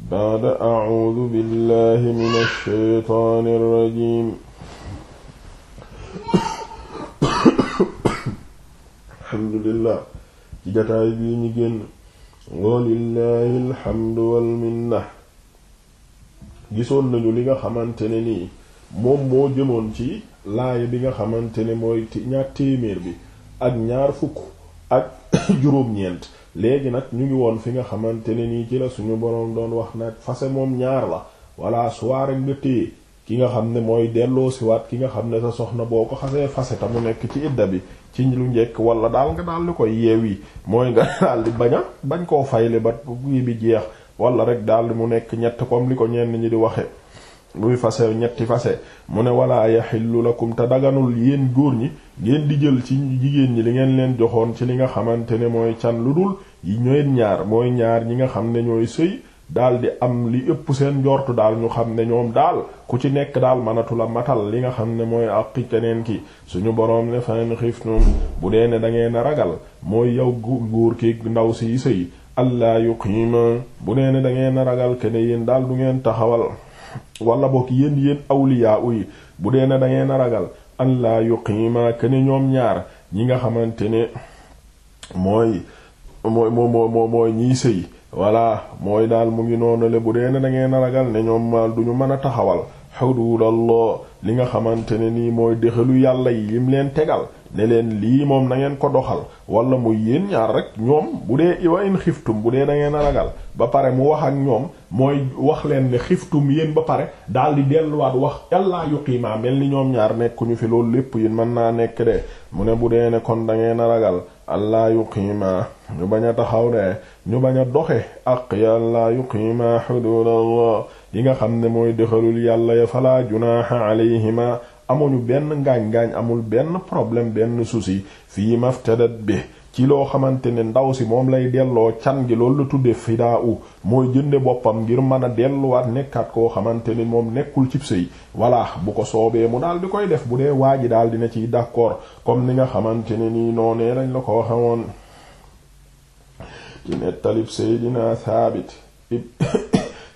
baada acuudu billahi min alsheytaani alrajim alhamdulillah ci jataay bii ñi génn walillahi alhamdu walminna gisoon nañu li nga xamante ne nii moom moo jëmoon ci laaya bi nga xamante ne mooy ñaar téeméer bi ak ñaar fukk ak juróom-ñeent léegi nag ñu ngi woon fi nga xamante ne nii ci la suñu boroom doon wax nag fase moom ñaar la walla soir nga téye ki nga xam ne mooy delloo siwaat ki nga xam ne sa soxna boo ko xasee fase ta mu nekk ci idda bi ci lu njëkk wala daal nga daal di koy yeewi mooy nga daal di bañ bañ koo fayle ba kii bi jeex wala rek daal di mu nekk ñett comme li ko ñenn ñi di waxe luy fase ñetti fase mu ne walaa yaxillu lakum te daganul yéen góor ñi ngeen di jël ci jigéen ñi li ngeen leen joxoon ci li nga xamante ne mooy can lu dul yi ñooy ñaar mooy ñaar ñi nga xam ne ñooy sëy daal di am li ëpp seen njortu daal ñu xam ne ñoom daal ku ci nekk daal mënatu la matal li nga xam ne mooy àqi keneen ki suñu boroom ne xiif xiftum bu dee ne da ngeen a ragal mooy yow góor ki ndaw si sëy allah yuqiima bu dee ne da ngeen ragal kene yéen daal du ngeen taxawal wala bokk yéen yéen awliyaa uy bu dee na dangeen ngeen a ragal an laa yuqiima kene ñoom ñaar ñi nga xamante ne mooy mooy moo moo mooy ñiy sëy voilà mooy daal mu ngi noonu le bu dee na da ragal ne ñoom maal du ñu mën a taxawal loo li nga xamante ne nii mooy dexalu yàlla yi lim leen tegal ne leen lii moom nangeen ko doxal wala muy yéen ñaar rek ñoom bu dee iwa in xiftum bu dee da ngeen a ragal ba pare mu wax ak ñoom mooy wax leen ne xiftum yéen ba pare daal di delluwaat wax yu yuqiimaa mel ni ñoom ñaar nekkuñu fi loolu lépp yéen mën naa nekk de mu ne bu dee ne kon da ngeen a ragal allaa yuqiimaa ñu bañ a taxaw de ñu bañ a doxe ak yàllaa yuqiimaa hududallah yi nga xam ne mooy dëxalul yàlla ya falaa junaaha alayhima amuñu benn ngaañ-ngaañ amul benn problème benn souci fii maftadat bi ci loo xamante ne ndaw si moom lay delloo can gi loolu la tudde fidaa u mooy jënde boppam ngir mën a delluwaat nekkaat koo xamante ni moom nekkul ci sëy voilà bu ko soobee mu daal di koy def bu dee waa ji daal dina ciy d'accord comme ni nga xamante ne nii noonee lañ la ko xamoon ci nettalib seydina thaabit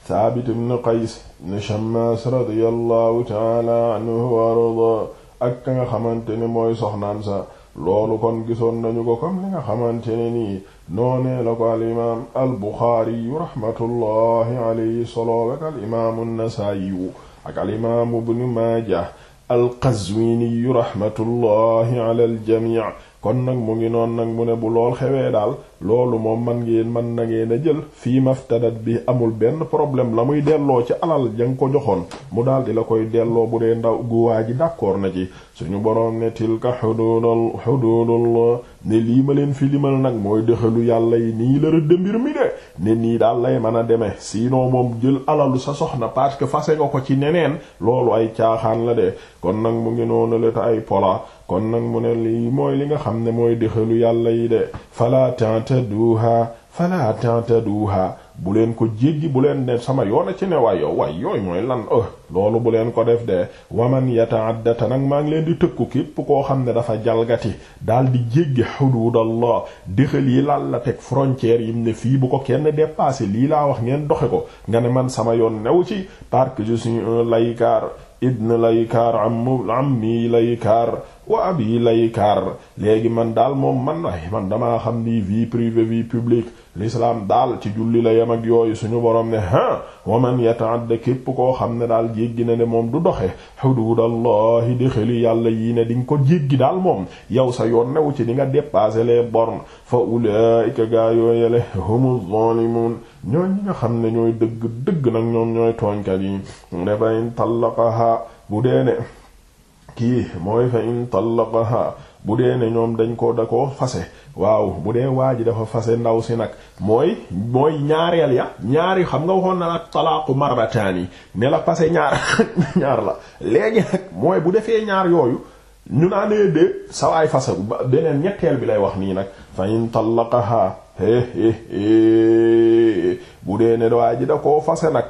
thaabit ibn qays ibn shammas radiyallahu taala anhu wa ak ka nga xamante ni mooy soxnaam sa loolu kon gisoon nañu ko comme li nga xamante ne nii noonee la ko al imaam al buxaari rahmatullahi alayhi soloo ak al imaamu nasaayi ak al imaamu ibnu maaja al qazwiini rahmatullahi ala al jamii kon nag mu ngi noon nag mu ne bu lool xewee daal loolu moom man ngeen man na ngeen a jël fii maftadat bi amul benn problème la muy delloo ci alal ja ko joxoon mu daal di la koy delloo bu dee ndaw guwaa ji d'accord na ci suñu boroom ne tilka xududul xududullah ne lii ma leen fi limal nag mooy dexalu yàlla yi nii la rëdd mbir mi de ne nii daal lay mën a demee sinon moom jël alalu sa soxna parce que fase nga ko ci neneen loolu ay caaxaan la de kon nag mu ngi noonu la te ay pola kon nag mu ne lii mooy li nga xam ne mooy dëxalu yàlla yi de fala tentaduha fala tentaduha bu leen ko jéggi bu leen ne sama a ci ne waay yow yooyu mooy lan oh loolu bu leen ko def de waman yataadda te nag maa ngi leen di tëkku képp koo xam ne dafa jalgati daal di jéggi xududallah déxal yi laal la teg frontières yim ne fii bu ko kenn dépassé lii laa wax ngeen doxe ko nga ne man sama yoon new ci parce que je suis un laykar ibn laykar am ammi waa wa yii lay kaar léegi man daal moom man ay man damaa xam ni vie privée vie publique l'islam daal ci julli la yem ak yooyu suñu borom ne ha wa man yata'adda képp koo xam ne daal jéggi na ne moom du doxe xuduudallahi di xeli yàlla yii ne di nga ko jéggi daal moom yow sa yoon newu ci di nga dépasser les bornes fa ulaa'ika gaa yooyele humu zalimun ñooy ñi xam ne ñooy dëgg dëgg nag ñoom ñooy tooñkat yi ne fa in tallaqaha bu deene kii mooy fa in tallaqaha bu dee ne ñoom dañ ko da ko fase waaw bu dee waa ji dafa fase ndaw si nag mooy mooy ñaareel ya ñaari xam nga waxoon na la talaaqu marrataani ne la fase ñaar ñaar la léegi nag mooy bu defee ñaar yooyu ñu naa nee de sawaay fase bu beneen ñetteel bi lay wax nii nag fa in tallaqaha bu dee ne waa ji da ko fase nag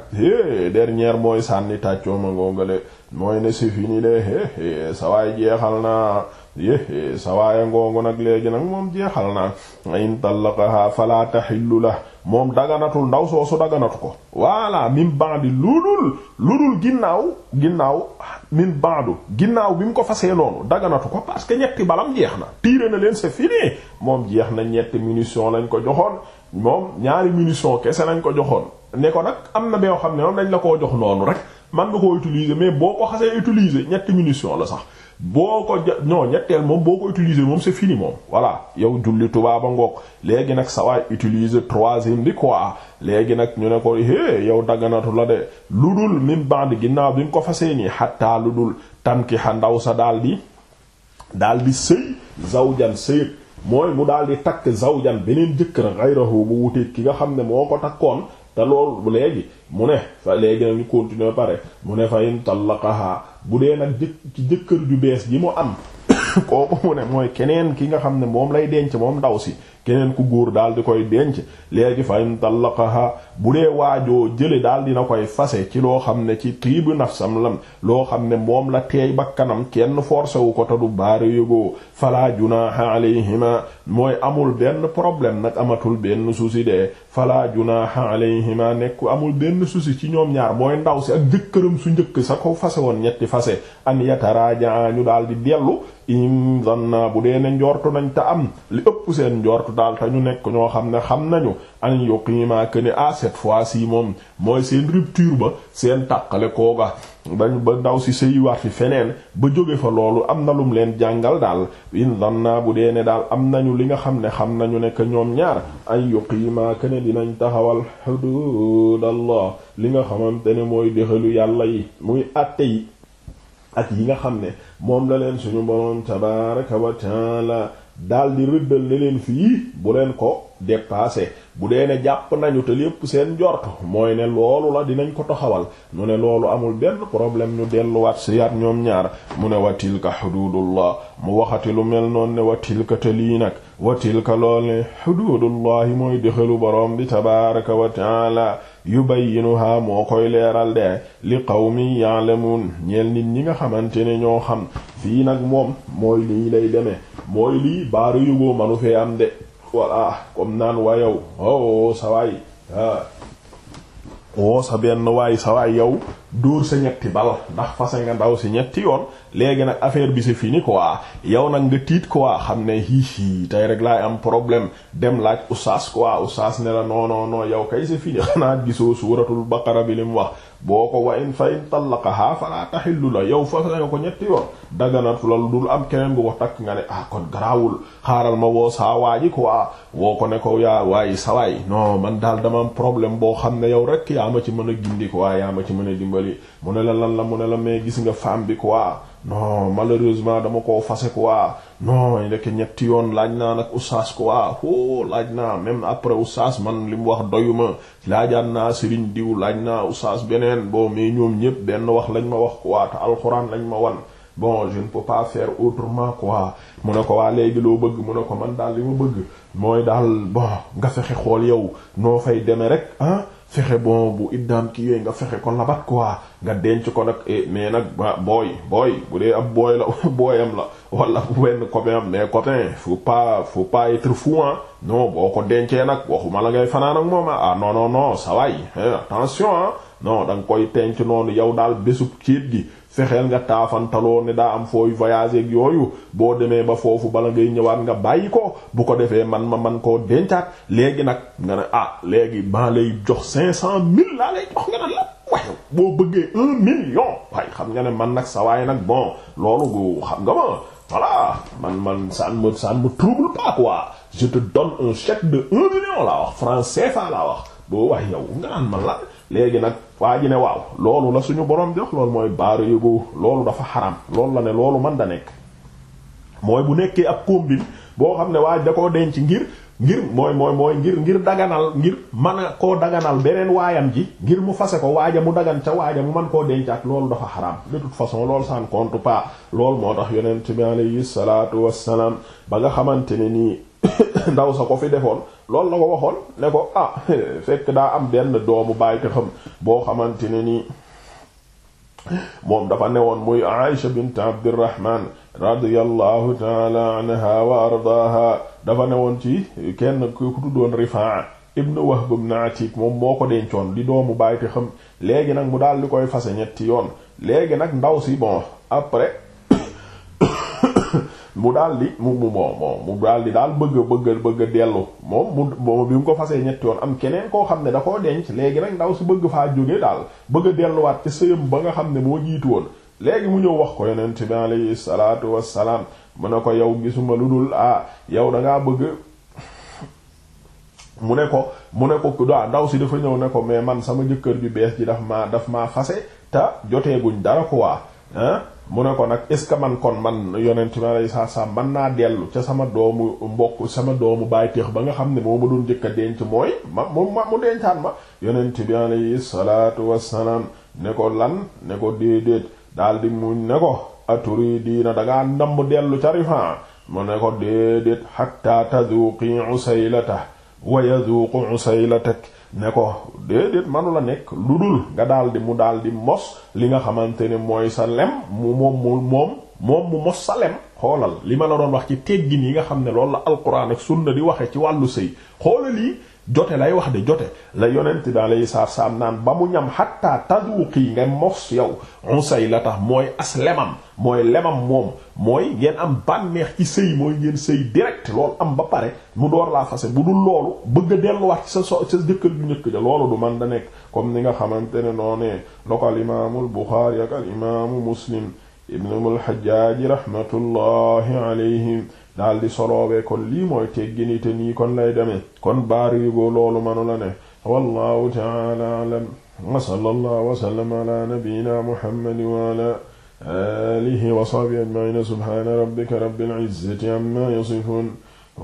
dernière mooy sànni tàccoo ma ngoongale mooy ne c'est fini de é sawaay jeexal na é sawaaya ngoongu nag léegi nag moom jeexal na in tallaqaha fala tahillu la moom daganatul ndaw soosu daganatu ko wala min ba'di ludul ludul ginnaaw ginnaaw min ba'du ginnaaw bi mu ko fasee noonu daganatu ko parce que ñetti balam jeex na tiire na leen c'est fini moom jeex na ñetti munition lañ ko joxoon moom ñaari munition kese lañ ko joxoon ne ko nag am na boo xam ne moom dañ la koo jox noonu rek man nga koo utiliser mais boo ko xasee utiliser ñetti munition la sax boo ko ja non ñetteel moom boo ko utiliser moom c'est fini moom voilà yow julli tubaaba ngoog léegi nag sa waay utiliser troisième bi quoi léegi nag ñu ne ko hé yow dagganatu la de lu dul min band ginnaaw bi nga ko fasee nii xattaa lu dul tanki xa ndaw sa daal di daal di sëy zawjan sëy mooy mu daal di takk zawjan beneen jëkkër ghayrahu bu wuteeg ki nga xam ne moo ko takkoon te loolu léegi mu ne fa léegi nag ñu continuer pare mu ne fa in tallaqaha bu dee nag ci jëkkër ju bees ji mu am kooku mu ne mooy keneen ki nga xam ne moom lay denc moom ndaw si keneen ku góor daal di koy denc léegi fa in tallaqaha bu dee waajoo jële daal dina koy fase ci loo xam ne ci tribu nafsam lam loo xam ne moom la teey bakkanam kenn forcé wu ko te du baare yógoo fala junaha alayhima mooy amul benn problème nag amatul benn souci de fala yi alayhima nekk amul benn souci ci ñoom ñaar mooy ndaw si ak jëkkëram su njëkk sa ko fase woon ñetti fase an yataraaja ñu daal di dellu in zanna bu dee ne njortu nañ te am li ëpp seen njortu daal te ñu nekk ñoo xam ne xam nañu an yuqima que ni ah cette fois ci moom mooy seen rupture ba seen tàqale kooga dañ ba ndaw si sëyiwaat fi feneen ba jóge fa loolu am na leen jàngal daal in zanna bu dee ne daal am nañu li nga xam ne xam nañu ne que ñoom ñaar an yuqima que di dinañ taxawal hudud li nga xamante ne mooy dexalu yàlla yi muy àtte yi ak yi nga xam ne moom la leen suñu boroom tabaraka wa taala daal di rëddal ne leen fii bu leen ko dépassé bu dee ne jàpp nañu te lépp seen njort mooy ne loolu la dinañ ko taxawal mu ne loolu amul benn problème ñu delluwaat si yaat ñoom ñaar mu ne wa tilka xududullah mu waxati lu mel noon ne wa tilka te lii nag wa tilka lool ne xududullahi mooy dexalu boroom bi tabaraka wa taala yu yubayyinuha moo koy leeral de li qawmin ya'lamun ñeel nit ñi nga xamante ne ñoo xam fii nag moom mooy lii lay deme mooy lii baaru yu manu fee am de voilà comme naan wayow o oh, sawaay a ah, woo oh, sa benn waay sawaay yow dóor sa ñetti bal ndax fase nga ndaw si ñetti yoon léegi nag affaire bi c'est fini quoi yow nag nga tiit quoi xam ne hihi tey rek laay am problème dem laaj oustaz quoi oustaz ne la noo non non yow kay c'est fini xanaa gisoo suuratul baqara bi lim wax boo ko wa in fa in tallaqaha fala tahillu la yow fase nga ko ñetti yoon daganatu la dul am keneen bu ko takk nga ne ah kon garaawul xaaral ma woo saa waaji quoi woo ko ne ko yaa waaye sawaay non man daal dama am boo xam ne yow rek yaa ma ci mën a gindi quoi yaa ma ci mën a dimbali dimbali mu ne la lan la mu ne la mais gis nga femme bi quoi non malheureusement dama koo fase quoi non ndekk ñetti yoon laaj naa nag oustaz quoi oh laaj naa même après oustaz man li mu wax ma laajaan naa Serigne diw laaj naa oustaz beneen boo mais ñoom ñépp benn wax lañ ma wax quoi te alxuraan lañ ma wan. bon je ne peux pas faire autrement quoi mu ne ko waa léegi loo bëgg mu ne ko man daal li ma bëgg mooy daal bon nga fexe xool yow noo fay demee fexe bon bu iddaam ki yooyu nga fexe ko labat quoi nga denc ko nag eh, mais nag booy booy bu dee ab booy la booyam la wala bu wenn copain am mais copain fu pa fu pas être fou hein boo ko dencee nag waxuma la ngay fanaan ak moom ah non non non sa waay attention ah non da nga koy tenc noonu yow daal bésub ciit gi fexeel nga taafantaloo ne daa am fooy voyage ak yooyu boo demee ba foofu bala ngay ñëwaat nga bàyyi ko bu ko defee man ma man koo dencaat léegi nag nga ne ah léegi maa lay jox cinq cent mille laa lay jox nga ne la waaye boo bëggee million waaye xam nga ne man nag sa waaye nag bon loolu gu xam nga ma voilà man man ça ne me sa ne me trouble pas quoi je te donne un chèque de un million laa wax franc CFA laa wax boo waaye yow nga naan man la léegi nag waa ji ne waaw loolu la suñu borom jox lool mooy baaru yëgu loolu dafa xaram loolu la ne loolu man da nekk mooy bu nekkee ab combine boo xam ne waa ji da koo denc ngir ngir mooy mooy mooy ngir ngir daganal ngir mën a koo daganal beneen waayam ji ngir mu fase ko waaja mu dagan ca waaja mu mën koo dencaat loolu dafa xaraam de façon loolu ça ne compte pas loolu moo tax yonent bi alayhi salaatu wassalaam ba nga xamante ne nii ndaw sa ko fi defoon loolu la ko waxoon ne ko ah fekk daa am benn doomu bàyyi te xam boo xamante ne nii moom dafa ne woon muy Aïsha bint Abdirahman radiyallahu taala anha wa ardaaha dafa newoon ci kenn ku tuddoon Rifaa ibn Wahb ibn Atik moom moo ko dencoon di doomu bàyyi te xam léegi nag mu daal di koy fase ñetti yoon léegi nag ndaw si bon après mu daal di mu mu moo mu daal di daal bëgg bëgg bëgg a dellu moom mu bi mu ko fasee ñetti yoon am keneen koo xam ne da koo denc léegi nag ndaw si bëgg faa jóge daal bëgg a delluwaat ca sëyam ba nga xam ne moo jiitu woon léegi mu ñëw wax ko yonent bi alayhi salaatu wassalaam mu ne ko yow gisuma lu dul ah yow dangaa bëgg mu ne ko mu ne ko daa ah ndaw si dafa ñëw ne ko mais man sama jëkkër ju bees ji daf maa daf maa fase te joteeguñ dara ko waa mu ne ko nag est ce que man kon man yonent mi alayhi salaam man naa dellu ca sama doomu mbokk sama doomu baay teex ba nga xam ne moo ma doon jëkk a denc mooy ma mu ma mu dencaat ma yonent bi alayhi salaatu wassalaam ne ko lan ne ko déedéet daal di muñ ne ko aturi diina dangaa ndamb dellu ca rifan mu ne ko déedéet hatta tazuqi usaylata wa yazuqu usaylatak ne ko déedéet manu la nekk lu dul nga daal di mu daal di mos li nga xamante ne mooy sa lem mu moom mu moom mu mos sa lem xoolal li ma la doon wax ci teggin yi nga xam ne loolu la alquran ak sunna di waxee ci wàllu sëy xoolal yi jote lay wax de jote la yonent bi alayhi salaam naan ba mu ñam hatta taduqi nga mos yow unsay la tax mooy as lemam mooy lemam moom mooy ngeen am bànneex ci sëy mooy ngeen sëy direct loolu am ba pare mu door laa fase bu dul loolu bëgg a delluwaat ci sa so sa jëkkër ju njëkk ja loolu du man da nekk comme ni nga xamante ne noonee loko al imaamu Buxaari ak al imaamu Muslim ibnu al Hajjaaj rahmatullahi alayhim daal di soloobee kon lii mooy teggini te nii kon lay demee kon baarigo loolu manu la ne wallahu taala alam wa sallallahu wa sallama ala nabiyyina muhammad wa ala alihi wa sahbihi ajma'ina subhana rabbika rabbil izzati amma yasifun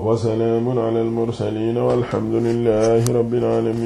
wa salamun ala al mursalin walhamdulillahi rabbil alamin